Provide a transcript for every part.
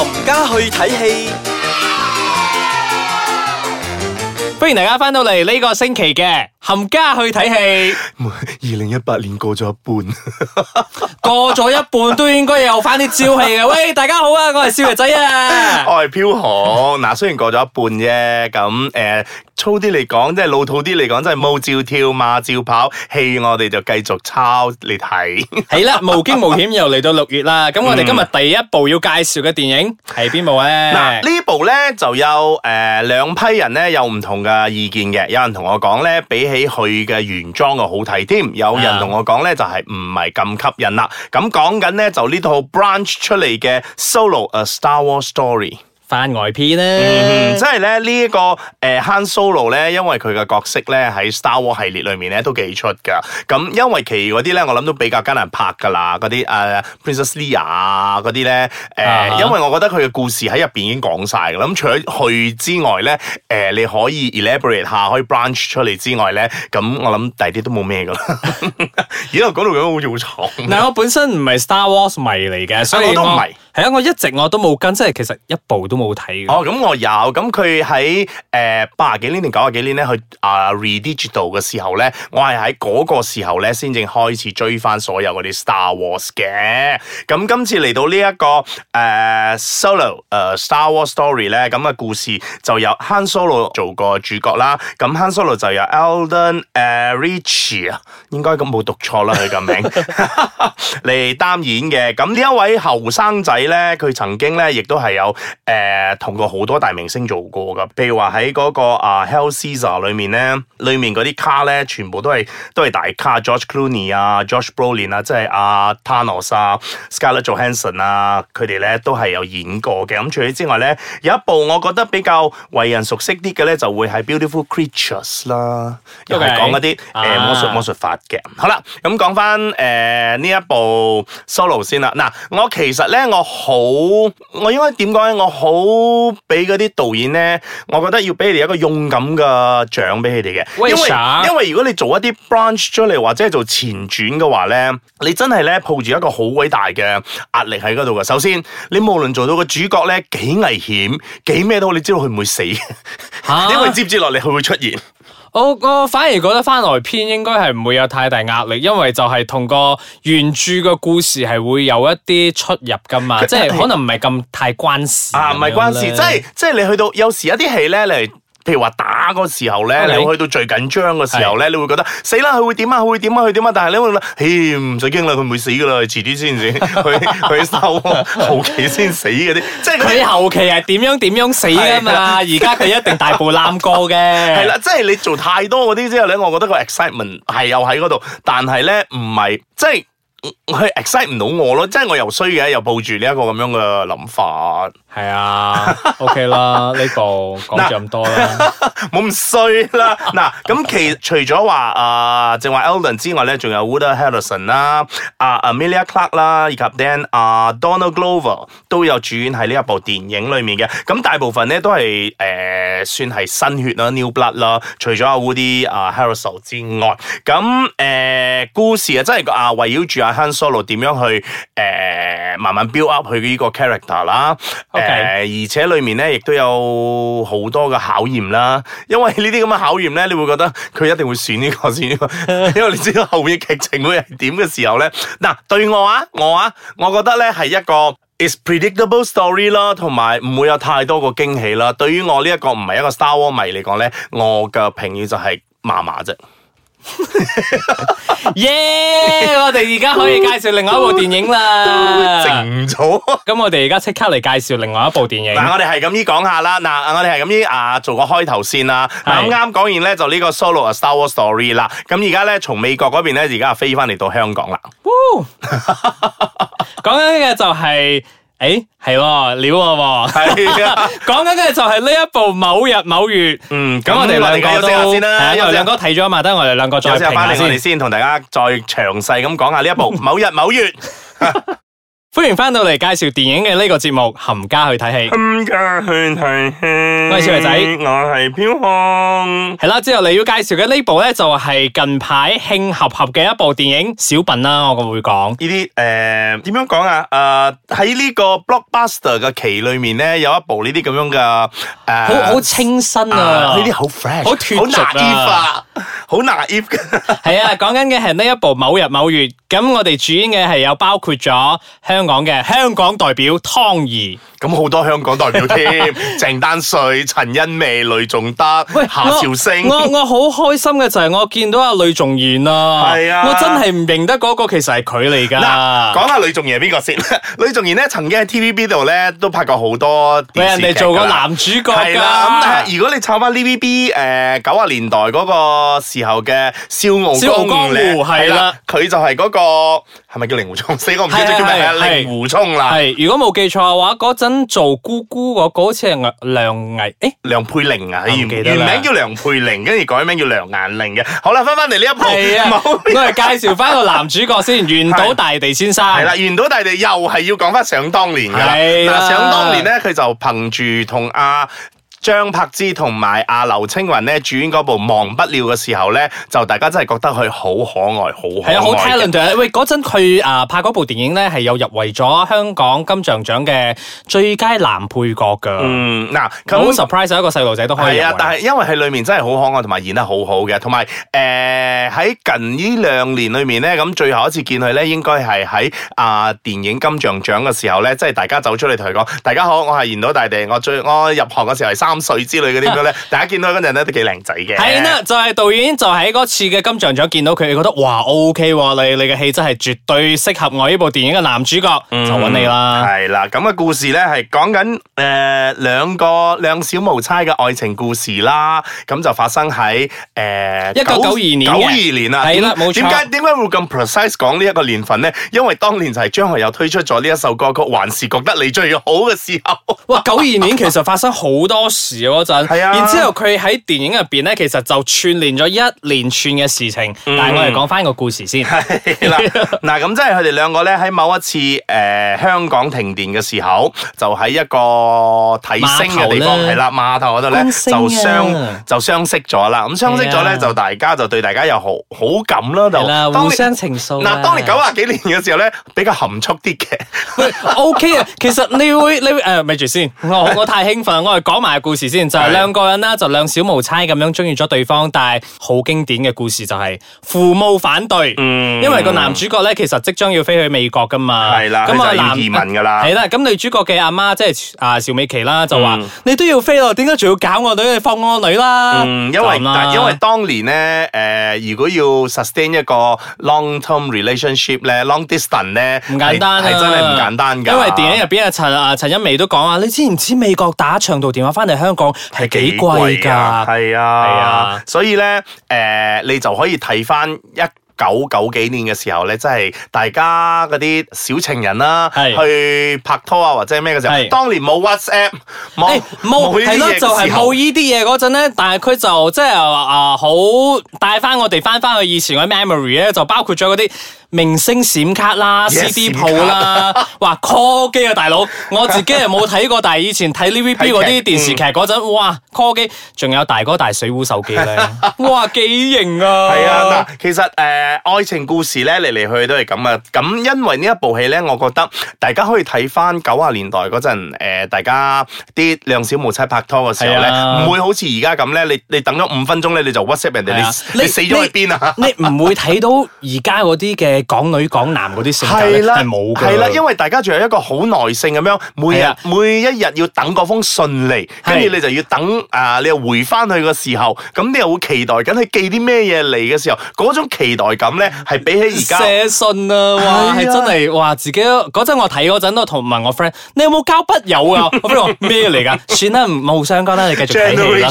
冚家去睇戲，啊、歡迎大家返到嚟呢個星期嘅。冚家去睇戲，二零一八年過咗一半， 過咗一半都應該有翻啲朝氣嘅喂，大家好啊，我係少爺仔啊，我係飄紅嗱， 雖然過咗一半啫，咁誒、呃、粗啲嚟講，即係老土啲嚟講，即係舞照跳，馬照跑，戲我哋就繼續抄嚟睇，係啦， 無驚無險又嚟到六月啦，咁我哋今日第一部要介紹嘅電影係邊、嗯、部咧？嗱、呃，部呢部咧就有誒兩、呃、批人咧有唔同嘅意見嘅，有人同我講咧俾。比起佢嘅原裝嘅好睇添，有人同我講咧就係唔係咁吸引啦。咁講緊咧就呢套 Branch 出嚟嘅 Solo A Star Wars Story。番外篇咧，即係咧呢一個誒，Han Solo 咧，因為佢嘅角色咧喺 Star Wars 系列裏面咧都幾出噶。咁因為其餘嗰啲咧，我諗都比較艱難拍噶啦。嗰啲誒 Princess Leia、呃、啊哈，嗰啲咧誒，因為我覺得佢嘅故事喺入邊已經講晒噶啦。咁除咗佢之外咧，誒、呃、你可以 elaborate 下，可以 branch 出嚟之外咧，咁我諗第二啲都冇咩噶啦。咦，我講到咁好似好長。嗱，我本身唔係 Star Wars 迷嚟嘅，所以、啊、我都唔係。係啊，我一直我都冇跟，即係其實一部都。冇睇哦，咁我有，咁佢喺誒八十幾年定九十幾年咧，去啊、呃、redigital 嘅時候咧，我係喺嗰個時候咧，先正開始追翻所有嗰啲 Star Wars 嘅。咁今次嚟到呢、這、一個誒、呃、Solo 誒、呃、Star Wars Story 咧，咁嘅故事就有 Han Solo 做個主角啦。咁 Han Solo 就由 Eldon 誒、er、Richie 啊，應該咁冇讀錯啦佢個名嚟 擔演嘅。咁呢一位後生仔咧，佢曾經咧亦都係有誒。呃誒，同過好多大明星做過噶，譬如話喺嗰個啊《Hell Caesar》裏面咧，裏面嗰啲卡咧，全部都係都係大咖，George Clooney 啊，George Brolin 啊，即係阿 Thanos 啊，Scarlett Johansson 啊，佢哋咧都係有演過嘅。咁除此之外咧，有一部我覺得比較為人熟悉啲嘅咧，就會係《Beautiful Creatures》啦，因為講一啲誒、啊、魔術魔術法嘅。啊、好啦，咁講翻誒呢一部 Solo 先啦。嗱，我其實咧我好，我應該點講咧？我好。我好俾嗰啲導演呢，我覺得要俾你一個勇敢嘅獎俾你哋嘅，喂因為傻因為如果你做一啲 branch 出嚟，或者係做前傳嘅話呢，你真係呢抱住一個好鬼大嘅壓力喺嗰度嘅。首先，你無論做到個主角呢幾危險，幾咩都好，你知道佢唔會死，啊、 因為接住落嚟佢會出現。我我反而覺得翻來篇應該係唔會有太大壓力，因為就係同個原著個故事係會有一啲出入噶嘛，即係是是可能唔係咁太關事啊，唔係樣、啊、關事，即係是即係是你去到有時一啲戲咧嚟。譬如話打嗰時候咧，Okay. 你去到最緊張嘅時候咧，是你會覺得死啦！佢會點啊？佢會點啊？佢點啊？但係你會諗，唔使驚啦，佢唔會死噶啦，遲啲先至，佢佢 收 後期先死嗰啲。即係佢後期係點樣點樣死噶嘛？而家佢一定大步攬過嘅。係啦、 啊，即、就、係、是、你做太多嗰啲之後咧，我覺得個 excitement 係又喺嗰度，但係咧唔係即係。佢 excite 唔到我咯，即係 一 complaint 我又衰嘅，又抱住呢一個咁樣嘅諗法。係啊 ，OK 啦，呢 部講咁多啦，冇咁衰啦。嗱， 咁其除咗話、呃、 啊，正話 Alden 之外咧，仲有 Woody Harrelson 啦、阿 Amelia Clark 啦，以及 Dan 阿、啊、Donald Glover 都有主演喺呢一部電影裏面嘅。咁一事大部分咧都係誒、呃，算係新血啦、new blood 啦一。除咗阿 Woody 阿 Harrelson 之外，咁誒、呃，故事啊，真係啊，圍繞住啊。Han Solo 點樣去誒、呃，慢慢 build up 佢呢個 character 啦。誒 Okay.、呃，而且裏面咧亦都有好多嘅考驗啦。因為呢啲咁嘅考驗咧，你會覺得佢一定會選呢、這個先、這個，因為你知道後面劇情會係點嘅時候咧。嗱、呃，對我啊，我啊，我覺得咧係一個 is predictable story 啦，同埋唔會有太多個驚喜啦。對於我呢、這、一個唔係一個 Star Wars 迷嚟講咧，我嘅評語就係麻麻啫。耶 Yeah ,！ 我哋而家可以介紹另外一部電影啦。靜咗、 嗯，咁 我哋而家即刻嚟介紹另外一部電影。嗱、啊，我哋係咁意講下啦。嗱、啊，我哋係咁意啊，做個開頭先啦。啱啱講完咧，就呢個 Solo, A Star Wars Story 啦。咁而家咧，從美國嗰邊咧，而家飛翻嚟到香港啦。講緊嘅就係、是。誒，係料喎，講緊嘅就係呢一部《某日某月》。嗯，咁、嗯、我哋兩個先啦。因為兩哥睇咗一晚，等我哋兩個再評下先。我哋先同大家再詳細咁講下呢一部《某日某月》。 歡迎翻到嚟介紹電影嘅呢個節目《冚家去睇戲》。冚家去睇戲，我係小維仔,我係飄紅。係啦，之後你要介紹嘅呢部咧，就係、是、近排興合合嘅一部電影小品啦。我會講呢啲誒，點、呃、樣講啊？誒、呃，喺呢個 blockbuster 嘅期裏面咧，有一部呢啲咁樣嘅誒，好、呃、好清新啊，呢啲好 fresh，好脱俗啊。好拿葉嘅係啊，講緊嘅係呢一部某日某月，咁我哋主演嘅係有包括咗香港嘅香港代表湯怡，咁好、嗯、多香港代表添鄭 丹瑞、陳欣美、呂仲德、喂夏朝星。我我好開心嘅就係我見到阿呂仲賢啊。係啊，我真係唔認得嗰個，其實係佢嚟噶。嗱、呃，講下呂仲賢邊個先？呂仲賢呢曾經喺 TVB 度呢都拍過好多俾、哎、人哋做過男主角噶。咁、啊嗯、如果你抄翻 TVB 誒九啊年代嗰、那個。個時候嘅《笑傲江湖》係啦，佢就係嗰個係咪叫令狐沖？死，我唔記得叫咩啊？令狐沖啦。係如果冇記錯嘅話，嗰陣做姑姑嗰個好似係梁梁毅，誒梁佩玲啊，你記唔記得？原原名叫梁佩玲，跟住改名叫梁艷玲嘅。好啦，翻返嚟呢一部，我哋介紹翻個男主角先，元島大地先生。係啦，元島大地又係要講翻想當年噶啦。係啦，想當年咧，佢就憑住同阿。張柏芝同埋阿劉青雲咧主演嗰部《忘不了》嘅時候咧，就大家真係覺得佢好可愛，好係啊，好 talent 啊，喂，嗰陣佢啊拍嗰部電影咧，係有入圍咗香港金像獎嘅最佳男配角噶。嗯，嗱、啊，好 No surprise，一個細路仔都可以啊。但係因為喺裏面真係好可愛，同埋演得好好嘅。同埋誒喺近呢兩年裏面咧，咁最後一次見佢咧，應該係喺啊電影金像獎嘅時候咧，即係大家走出嚟同佢講：大家好，我係言島大地。我最我入行嘅時候係三。三歲之類嗰啲咧，大家見到嗰陣咧都幾靚仔嘅。係啦，就係導演就喺嗰次嘅金像獎見到佢，覺得哇 O K 喎，你你嘅氣質係絕對適合我呢部電影嘅男主角，就揾你啦。係啦，咁嘅故事咧係講緊誒兩個兩小無猜嘅愛情故事啦。咁就發生喺誒一九九二年九二年啊，係啦，冇錯。點解點解會咁 precise 講呢一個年份咧？因為當年就係張學友推出咗呢一首歌曲《還是覺得你最好》嘅時候。哇，九二年其實發生好多。時嗰陣，然之後佢喺電影入邊咧，其實就串聯咗一連串嘅事情。但係我哋講翻個故事先。係嗱嗱，咁即係佢哋兩個咧喺某一次誒香港停電嘅時候，就喺一個睇星嘅地方，係啦碼頭嗰度咧就相就相識咗啦。咁相識咗咧，就大家就對大家有好好感啦。就互相情愫嗱，當年九啊幾年嘅時候咧，比較含蓄啲嘅。O K 啊，其實你會你會誒，咪住先，我我太興奮，我嚟講埋。故事先就係兩個人啦，就兩小無猜咁樣中意咗對方，但係好經典嘅故事就係父母反對，嗯，因為個男主角咧其實即將要飛去美國噶嘛，係啦，咁啊移民噶啦，係啦，咁女主角嘅阿媽即係啊邵美琪啦，就話你都要飛咯，點解仲要搞我女，你放我女啦？因為因為當年呢，誒，如果要 sustain 一個 long term relationship 咧，long distance 咧唔簡單，係真係唔簡單噶。因為電影入邊阿陳啊陳欣梅都講啊，你知唔知美國打長途電話翻嚟？香港係幾貴㗎？係啊，所以咧，誒、呃，你就可以睇翻一九九幾年嘅時候咧，即係大家嗰啲小情人啦、啊，是 去拍拖啊，或者咩嘅時候，是 當年冇 WhatsApp，冇冇係咯，就係冇依啲嘢嗰陣咧。但係佢就即係話啊，好、呃、帶翻我哋翻翻去以前嘅 memory 咧，就包括咗嗰啲。明星閃卡啦，CD 鋪啦，哇 call 機啊大佬，我自己又冇睇過，但係以前睇 TVB 嗰啲電視劇嗰陣，哇 call 機，仲有大哥大、水壺手機咧，哇幾型啊！係啊，嗱，其實誒愛情故事咧，嚟嚟去去都係咁啊，咁因為呢一部戲咧，我覺得大家可以睇翻九十年代嗰陣誒，大家啲兩小無猜拍拖嘅時候咧，唔會好似而家咁咧，你你等咗五分鐘咧，你就 WhatsApp 人哋你你死咗去邊啊？你唔會睇到而家嗰啲嘅。港女港男嗰啲性格咧係冇嘅，係啦，因為大家仲有一個好耐性咁樣，每日每一日要等嗰封信嚟，跟住你就要等啊！你又回翻去嘅時候，咁你又會期待緊佢寄啲咩嘢嚟嘅時候，嗰種期待感咧係比起而家寫信啊，哇，係真係哇！自己嗰陣我睇嗰陣都同問我 friend：你有冇交筆友啊？我 friend 話咩嚟㗎？算啦，唔好相干啦，你繼續睇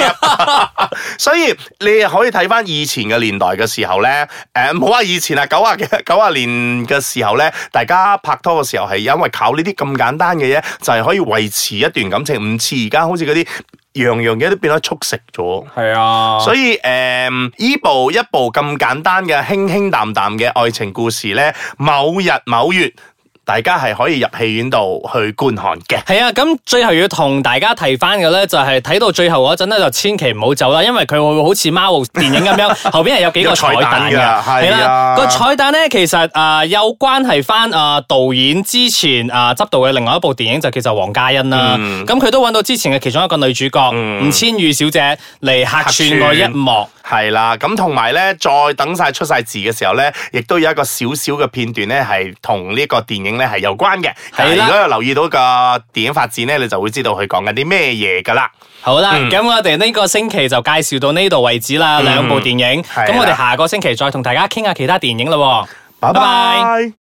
啦。所以你可以睇翻以前嘅年代嘅時候咧，誒唔好話以前啦，九啊。九十年嘅時候呢，大家拍拖嘅時候係因為靠呢啲咁簡單嘅嘢，就係、是、可以維持一段感情，唔似而家好似嗰啲樣樣嘢都變得速食咗。係啊，所以誒，依、呃、部一部咁簡單嘅輕輕淡淡嘅愛情故事呢，某日某月。大家係可以入戲院度去觀看嘅。係啊，咁最後要同大家提翻嘅咧，就係、是、睇到最後嗰陣咧，就千祈唔好走啦，因為佢會，會好似 Marvel 電影咁樣， 後邊係有幾個彩蛋嘅。係啦，啊啊那個彩蛋咧，其實啊、呃，有關係翻啊導演之前啊執、呃、導嘅另外一部電影就叫做《王家欣》啦。咁佢、嗯、都揾到之前嘅其中一個女主角吳千語小姐嚟客串嗰串一幕。係啦，咁同埋咧，再等晒出晒字嘅時候咧，亦都有一個少少嘅片段咧，係同呢個電影咧係有關嘅。係的如果有留意到個電影發展咧，你就會知道佢講緊啲咩嘢噶啦。好啦，咁、嗯、我哋呢個星期就介紹到呢度為止啦，兩、嗯、部電影。咁的我哋下個星期再同大家傾下其他電影咯。的拜拜。Bye bye。